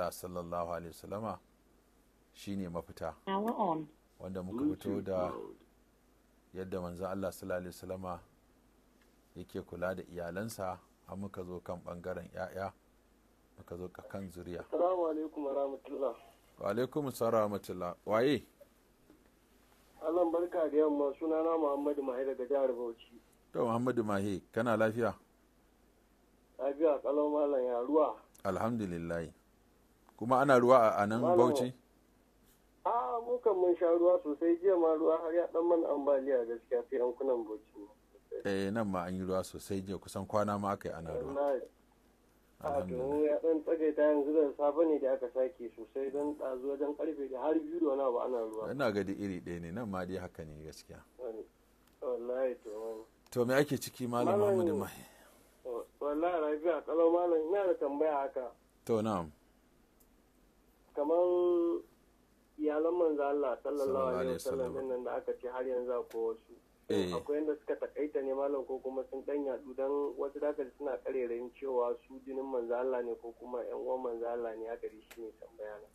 Allah sallallahu alaihi wasallama shine mafita wanda muka fito da yadda manzan Allah sallallahu alaihi wasallama yake kula da iyalansa a muka zo kan bangaren 'ya'ya muka zo kan zuriya alaikum wa matula wa alaikum waye Allah barka da yamma sunana Muhammadu Mahi daga jihar Bauchi to Muhammadu Mahi kana lafiya lafiya kalau malam ya ruwa alhamdulillah kuma ana ruwa a nan bauchi a mu kan mun sha ruwa sosai jiya ma ruwa har ya dan mana ambaliya gaskiya sai yankunan bauchi eh nan ma an yi ruwa sosai jiya kusan kwana ma aka yi ana ruwa a to ya dan tsagaita yanzu da safe ne da aka sake sosai don ɗazu wajen karfe da har biyu da wani abu ana ruwa ina ga da iri ɗaya ne nan ma dai haka ne gaskiya wallahi to to me ake ciki malam Muhammadu Mahi wallahi rabi'a kalau malam ina da tambaya haka to na'am kaman iyalan manzo Allah sallallahu alaihi wasallam din nan da aka ce har yanzu akwai wasu eh. akwai yadda suka takaita ne malam ko kuma sun dan yadu dan wasu daga suna karerayin cewa su jinin manzo Allah ne ko kuma yan uwan manzo Allah ne haka shi ne tambaya na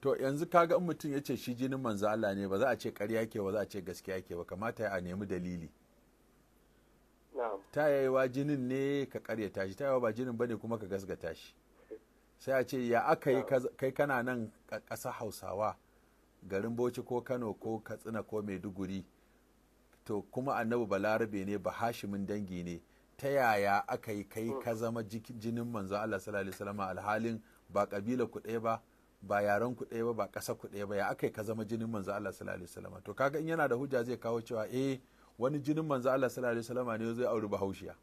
to yanzu kaga in mutum ya ce shi jinin manzo Allah ne ba za a ce ƙarya ke ba za a ce gaskiya ke ba kamata a nemi dalili ta yayi wa jinin ne ka ƙaryata shi ta yayi ba jinin bane kuma ka gasgata shi sai a ce ya aka yi kai kana nan ƙasa hausawa garin bauchi ko kano ko katsina ko maiduguri to kuma annabi balarabe ne ba hashimin dangi ne ta yaya aka yi kai ka hmm. zama jinin manzo Allah sallallahu alaihi wasallam alhalin ba kabila ku ɗaya ba ba yaran ku ɗaya ba ba ƙasa ku ɗaya ba ya aka yi ka zama jinin manzo Allah sallallahu alaihi wasallam to kaga in yana da hujja zai kawo cewa eh wani jinin manzo Allah sallallahu alaihi wasallam ne zai auri bahaushiya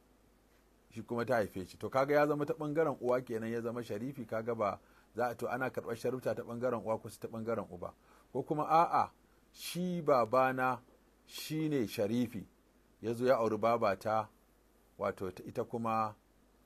shi kuma ta haife shi to kaga ya zama ta bangaren uwa kenan ya zama sharifi kaga ba za a to ana karɓar sharifta ta bangaren uwa kusa ta bangaren uba ko kuma a'a shi babana shi ne sharifi ya zo ya auri babata wato ita kuma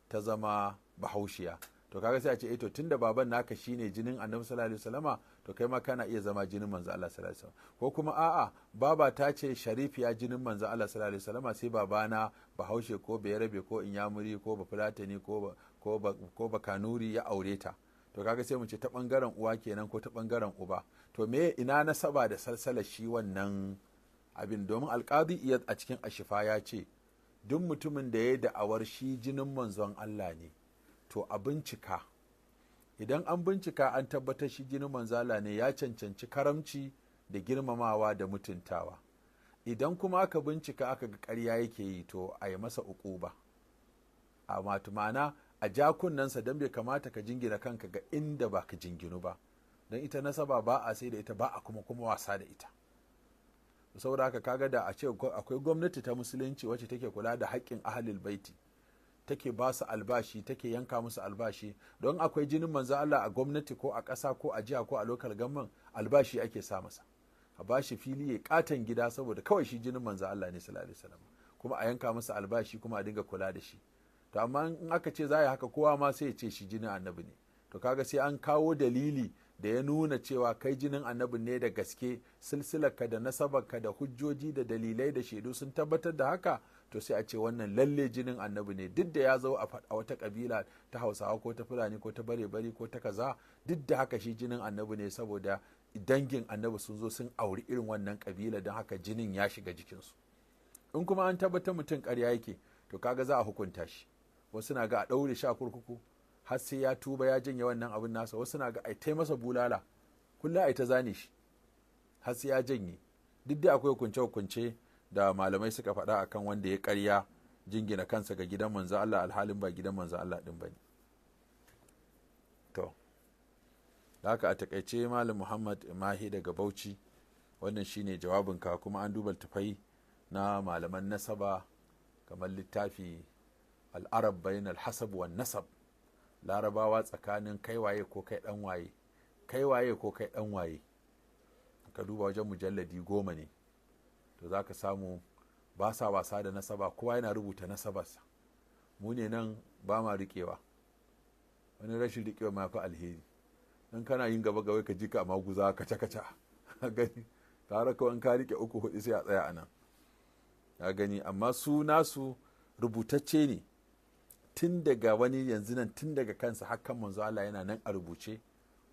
ta zama bahaushiya to kaga sai a ce eh to tunda baban naka shine jinin annabi sallallahu alaihi wasallama to kai ma kana iya zama jinin manzo Allah sallallahu alaihi wasallam ko kuma a'a baba ta ce ya jinin manzo Allah sallallahu alaihi wasallama sai babana bahaushe ko rabe ko inyamuri ko bafulatani ko ko ko bakanuri ya aure ta to kaga sai mu ce ta bangaren uwa kenan ko ta bangaren uba to me ina nasaba da salsala shi wannan abin domin alqadi iya a cikin ashifa ya ce duk mutumin da ya da awar shi jinin manzon Allah ne to a bincika idan an bincika an tabbatar shi jinin manzala ne ya cancanci karamci da girmamawa da mutuntawa idan kuma aka bincika aka ga ƙarya yake yi to a yi masa uquba a matumana, a ja kunnensa don bai kamata ka jingina kanka ga inda ba ka jinginu ba don ita nasaba ba a sai da ita ba a kuma kuma wasa da ita saboda haka kaga da a ce akwai gwamnati ta musulunci wacce take kula da haƙƙin ahalil baiti take ba su albashi take yanka musu albashi don akwai jinin manzo Allah a gwamnati ko a ƙasa ko a jiha ko a lokal gamman albashi ake sa masa a bashi fili ya katan gida saboda kawai shi jinin manzo Allah ne sallallahu alaihi wasallam kuma a yanka masa albashi kuma a dinga kula da shi to amma in aka ce za haka kowa ma sai ya ce shi jinin annabi ne to kaga sai an kawo dalili da ya nuna cewa kai jinin annabin ne da gaske silsilarka da nasabarka da hujjoji da dalilai da shaidu sun tabbatar da haka to sai a ce wannan lalle jinin annabi ne duk da ya zo a wata kabila ta hausawa ko ta fulani ko ta bare bari ko ta kaza duk da haka shi jinin annabi ne saboda dangin annabi sun zo sun auri irin wannan kabila don haka jinin ya shiga jikinsu in kuma an tabbatar mutum karya yake to kaga za a hukunta shi wasu na ga a ɗaure sha kurkuku har sai ya tuba ya janye wannan abin nasa wasu na ga ai masa bulala kullum ai ta zane shi har sai ya janye duk da akwai hukunce hukunce da malamai suka faɗa akan wanda ya karya, jingina kansa ga gidan manzo Allah alhalin ba gidan manzo Allah din bane to haka a takaice malam Muhammad Mahi daga Bauchi wannan shine jawabinka kuma an duba tufai na malaman nasaba kamar littafi al'arab bayan al-hasab wan nasab larabawa tsakanin kai waye ko kai dan waye kai ko kai dan waye ka duba wajen mujalladi goma ne to za ka samu ba sa wasa da nasaba kowa yana rubuta nasabarsa mu ne nan ba ma riƙewa wani rashin riƙewa ma fi alheri in kana yin gaba gawai ka ji ka maguza kaca kaca gani tare kawai ka riƙe uku hudu sai a tsaya a nan ya gani amma su nasu rubutacce ne tun daga wani yanzu nan tun daga kansa hakan manzo Allah yana nan a rubuce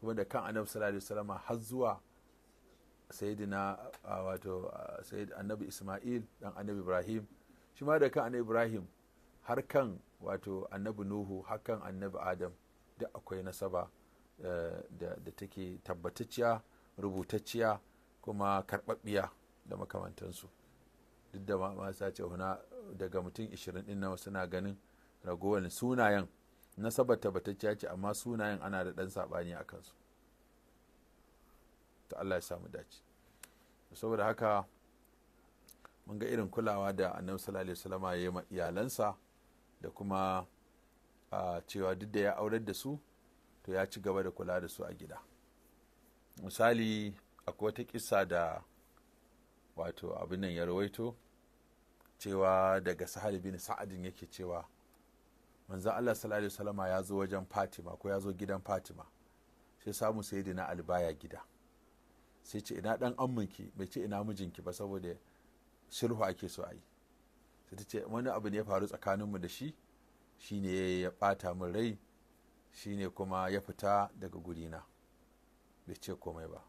kuma da kan annabi sallallahu alaihi wasallam har zuwa sayyidina wato sayyid annabi Isma'il dan annabi Ibrahim shi ma da kan annabi Ibrahim har kan wato annabi Nuhu har kan annabi Adam duk akwai nasaba eh, da take tabbatacciya rubutacciya kuma karbabbiya da makamantansu duk da ma huna daga mutum 20 din na suna ganin ragowar sunayen nasabar tabbatacciya ce amma sunayen ana da ɗan saɓani a kansu ta Allah ya samu dace saboda haka mun ga irin kulawa da annabi sallallahu alaihi wasallam ya yi ma iyalansa da kuma a cewa duk da ya aurar da su to ya ci gaba da kula da su a gida misali akwai wata kissa da wato abin nan ya rawaito cewa daga sahal bin sa'adin yake cewa manzo Allah sallallahu alaihi wasallama ya zo wajen Fatima ko ya zo gidan Fatima sai samu sayyidina Ali baya gida sai ce ina dan amminki bai ce ina mijinki ba saboda sulhu ake so a yi sai ce wani abu ne ya faru tsakaninmu da shi shine ya bata min rai shine kuma ya fita daga gurina bai ce komai ba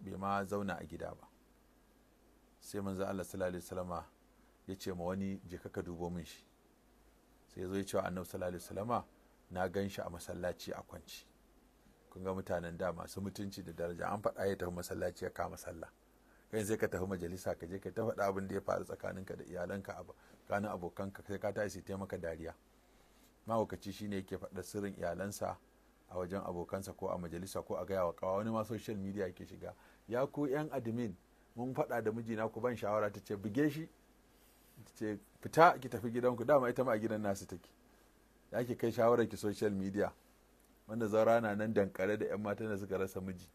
bai ma zauna a gida ba sai manzo Allah sallallahu alaihi wasallama ya ce ma wani je ka dubo min shi sai zo ya cewa annabi sallallahu alaihi wasallama na gan shi a masallaci a kwanci kun ga mutanen da masu mutunci da daraja an faɗa ya tafi masallaci ya kama sallah kai sai ka tafi majalisa ka je ka ta faɗa abin da ya faru tsakaninka da iyalanka a tsakanin abokanka sai ka tashi taimaka dariya mahaukaci shine yake faɗa sirrin iyalansa a wajen abokansa ko a majalisa ko a gaya wa kawa wani ma social media yake shiga ya ku yan admin mun faɗa da mijina ku ban shawara ta ce buge shi ce fita ki tafi gidanku dama ita ma a gidan nasu take ya ki kai shawarar ki social media wanda zaura na nan dankare da yan matan da suka rasa miji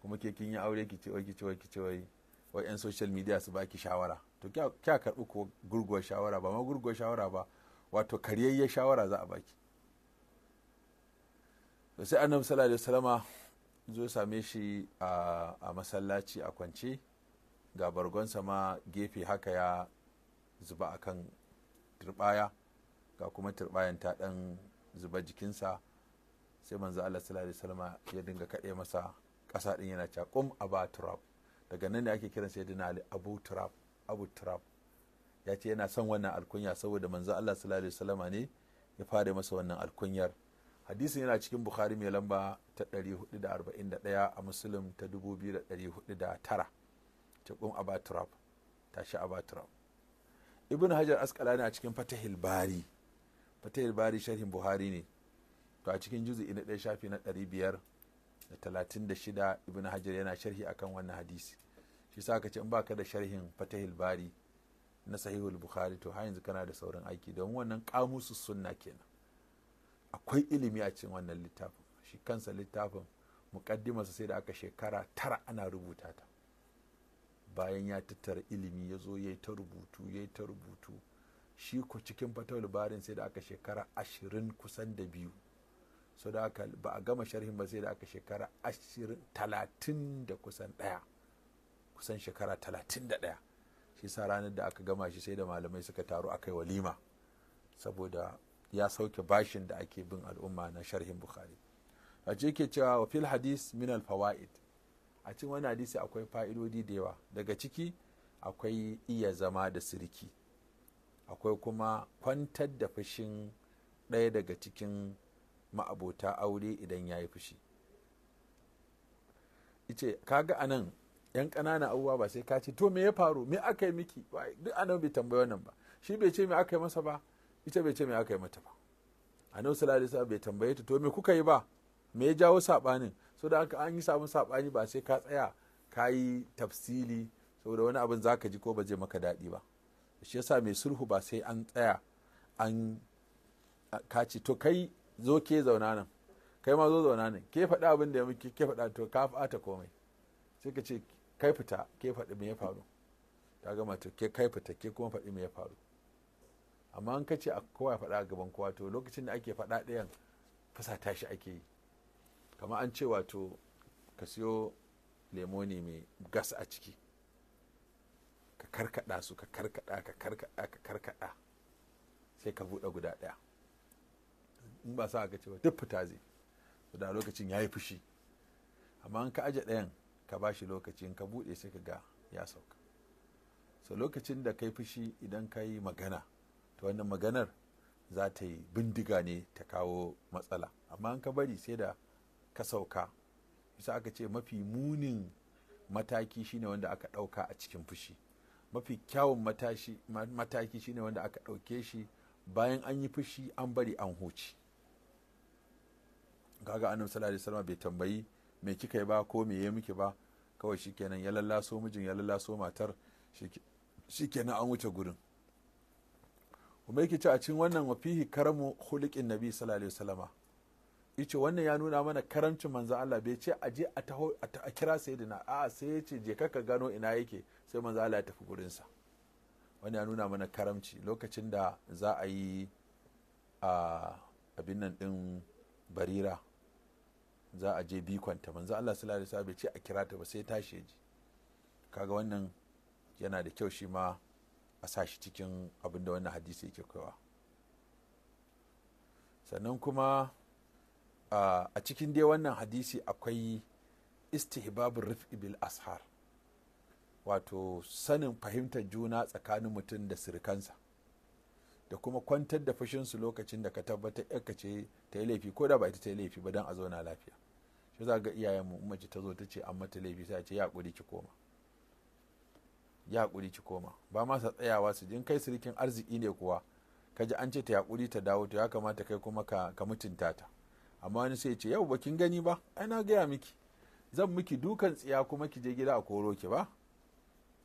kuma ke kin yi aure ki ce wai ki ce wai ki ce wai wai yan social media su baki shawara to kya karɓi ko gurguwar shawara ba ma gurguwar shawara ba wato karyayyar shawara za a baki to sai annabi sallallahu alaihi wasallama zo same shi a masallaci a kwance ga bargonsa ma gefe haka ya zuba a kan turbaya ga kuma turbayan ta dan zuba jikinsa sai manzo Allah sallallahu alaihi wasallam ya dinga kade masa ƙasa din yana cewa qum aba turab daga nan ne ake kiran sayyidina Ali Abu Turab Abu Turab ya ce yana son wannan alkunya saboda manzo Allah sallallahu alaihi wasallam ne ya fara masa wannan alkunyar hadisin yana cikin Bukhari mai lamba ta 441 a Muslim ta 2409 ce qum aba turab tashi aba ibn hajar asqalani a cikin fatahil bari fatahil bari sharhin buhari ne to a cikin juzu ina ɗaya shafi na ɗari biyar da talatin da shida ibn hajar yana sharhi akan wannan hadisi shi sa ka ce in baka da sharhin fatahil bari na sahihul bukhari to har yanzu kana da sauran aiki don wannan kamusu sunna kenan akwai ilimi a cikin wannan littafin shi kansa littafin mukaddimarsa sai da aka shekara tara ana rubuta ta bayan ya tattara ilimi ya zo ya yi ta rubutu ya yi ta rubutu shi ko cikin fatawul barin sai da aka shekara ashirin kusan da biyu so da aka ba a gama sharhin ba sai da aka shekara ashirin talatin da kusan ɗaya kusan shekara talatin da ɗaya shi sa ranar da aka gama shi sai da malamai suka taru aka yi walima saboda ya sauke bashin da ake bin al'umma na sharhin bukhari a ce ke cewa wa fil hadis min al fawaid a cikin wani hadisi akwai fa'idodi da yawa daga ciki akwai iya zama da sirki akwai kuma kwantar da fushin ɗaya daga cikin ma'abota aure idan ya yi fushi ice kaga a nan yan ƙananan abubuwa ba sai ka ce to me ya faru me aka yi miki duk anan bai tambayi wannan ba shi bai ce me aka yi masa ba ita bai ce me aka yi mata ba annabi sallallahu alaihi bai tambaye ta to me kuka yi ba me ya jawo sabanin so da haka an yi samun saɓani ba sai ka tsaya ka yi tafsili saboda wani abin za ka ji ko ba zai maka daɗi ba shi yasa mai sulhu ba sai an tsaya an kaci to kai zo ke zauna nan kai ma zo zauna nan ke faɗa abin da ya muke ke faɗa to ka fata komai sai ka ce kai fita ke faɗi me ya faru ta gama to ke kai fita ke kuma faɗi me ya faru amma an kace a kowa faɗa a gaban kowa to lokacin da ake faɗa ɗayan fasa tashi ake yi Kama an ce wato ka siyo lemo ne mai gas a ciki ka karkada su ka karkada ka karkada ka karkada sai ka buɗe guda ɗaya in ba sa ka ce duk fita zai da lokacin ya yi fushi amma in ka aje ɗayan ka ba shi lokaci in ka buɗe sai ka ga ya sauka so lokacin da kai fushi idan ka yi magana to wannan maganar za ta yi bindiga ne ta kawo matsala amma in ka bari sai da ka sauka bisa aka ce mafi munin mataki shine wanda aka ɗauka a cikin fushi mafi kyawun mataki shine wanda aka ɗauke shi bayan an yi fushi an bari an huce kaga annabi sallallahu alaihi wasallam bai tambayi me kika yi ba ko me ya miki ba kawai shikenan ya lallaso mijin ya lallaso matar shikenan an wuce gurin kuma yake ce a cikin wannan wafihi karamu hulikin nabi sallallahu alaihi wasallama yace wannan ya nuna mana karancin manzo Allah bai ce a je a a kira sayyidina a sai ya ce je ka gano ina yake sai manzo Allah ya tafi gurin sa wannan ya nuna mana karamci lokacin da za a yi a abin nan din barira za a je bikonta manzo Allah sallallahu alaihi wasallam bai ce a kira ta ba sai tashi ji kaga wannan yana da kyau shi ma a sa shi cikin abin da wannan hadisi yake kaiwa sannan kuma a cikin dai wannan hadisi akwai istihbabun rif'i bil ashar wato sanin fahimtar juna tsakanin mutum da sirikansa da kuma kwantar da fushinsu lokacin da ka tabbatar yarka ce ta yi laifi ko da ba ita ta yi laifi ba don a zauna lafiya shi za ga iyayenmu mace ta zo ta ce an mata laifi sai ce ya hakuri ki koma ya ki koma ba ma sa tsayawa su jin kai sirikin arziki ne kuwa ka ji an ce ta ya hakuri ta dawo to ya kamata kai kuma ka mutunta ta amma wani sai ce yau bakin gani ba ai na gaya miki zan miki dukan tsiya kuma ki je gida a koro ki ba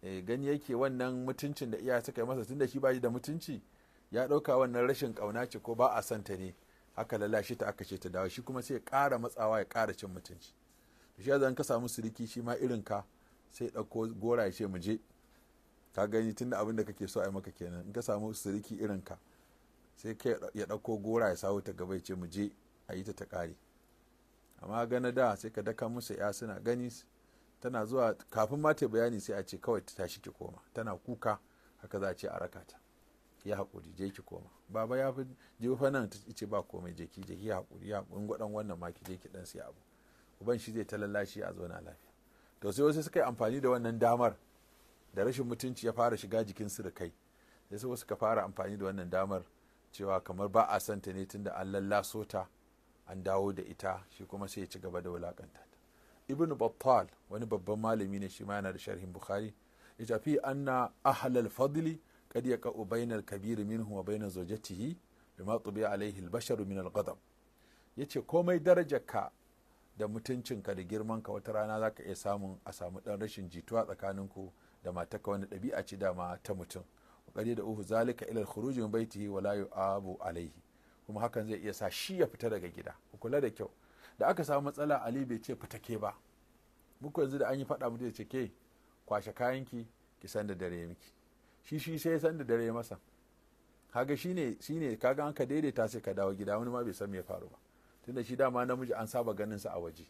e, gani yake wannan mutuncin da iya suka yi masa tunda shi shi da mutunci ya ɗauka wannan rashin kauna ce ko ba a son ta ne haka lalashe ta aka ce ta dawo shi kuma sai ya ƙara matsawa ya kara cin mutunci to shi yanzu ka samu siriki shi ma irin ka sai ɗauko gora ya ce mu je ka gani tunda abin da kake so a yi maka kenan in ka samu siriki irin ka sai ya ɗauko gora ya sawo ta gaba ya ce mu je a yi ta ta ƙare amma gana da sai ka daka musu ya suna gani tana zuwa kafin ma ta bayani sai a ce kawai ta tashi ki koma tana kuka haka za a ce a raka ta ya haƙuri je ki koma baba ya fi je fa nan ta ce ba komai je ki je ki haƙuri ya haƙuri wannan ma ki je ki dan sai abu uban shi zai ta lallashi a zauna lafiya to sai wasu suka yi amfani da wannan damar da rashin mutunci ya fara shiga jikin su da kai sai wasu ka fara amfani da wannan damar cewa kamar ba a santa ne tunda an lallaso ta an dawo da ita shi kuma sai ya ci gaba da wulakanta ta ibnu battal wani babban malami ne shi ma yana da sharhin bukhari ya tafi anna ahlal fadli kad yaqa'u bainal kabir minhu wa bainal zawjatihi bima tubi alaihi al-basharu min al-ghadab yace komai darajarka da mutuncinka da girmanka wata rana za ka iya samun a samu ɗan rashin jituwa tsakaninku da matarka wani ɗabi'a ci dama ta mutum wa da uhu zalika ilal khuruji min baitihi wa la yu'abu Alayhi. kuma hakan zai iya sa shi ya fita daga gida ku kula da kyau da aka samu matsala ali bai ce fita ke ba muku yanzu da an yi faɗa mu zai ce ke kwashe kayanki ki san da dare miki shi shi sai ya san da dare masa kaga ne ka kaga an ka daidaita sai ka dawo gida wani ma bai san me ya faru ba tunda shi dama namiji an saba ganin sa a waje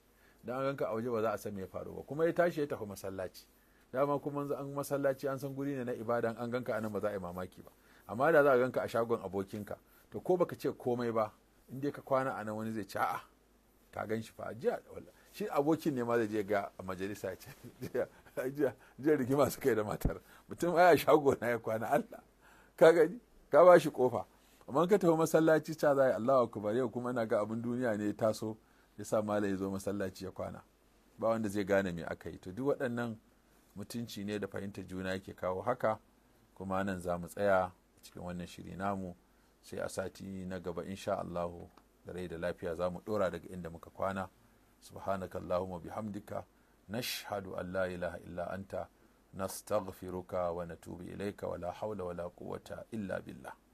dan an ganka a waje ba za a san me ya faru ba kuma ya tashi ya tafi masallaci dama kuma an masallaci an san guri ne na ibada, an ganka anan ba za a yi mamaki ba amma da za a ganka a shagon abokinka to ko baka ce komai ba in dai ka kwana a nan wani zai ci a ka gan shi fa jiya shi abokin ne ma zai je ga a majalisa ce jiya jiya rigima su kai da matar mutum aya shago na ya kwana Allah ka gani ka ba shi kofa amma ka tafi masallaci ta zai Allahu akbar yau kuma na ga abin duniya ne ya taso ya sa malai ya zo masallaci ya kwana ba wanda zai gane me aka yi to duk waɗannan mutunci ne da fahimtar juna yake kawo haka kuma nan za mu tsaya cikin wannan shiri namu sai a sati na gaba insha Allahu da rai da lafiya za mu ɗora daga inda muka kwana subhanaka Allahumma bihamdika nashhadu an la ilaha illa anta nastaghfiruka wa natubu ilaika wala hawla wala quwwata illa billah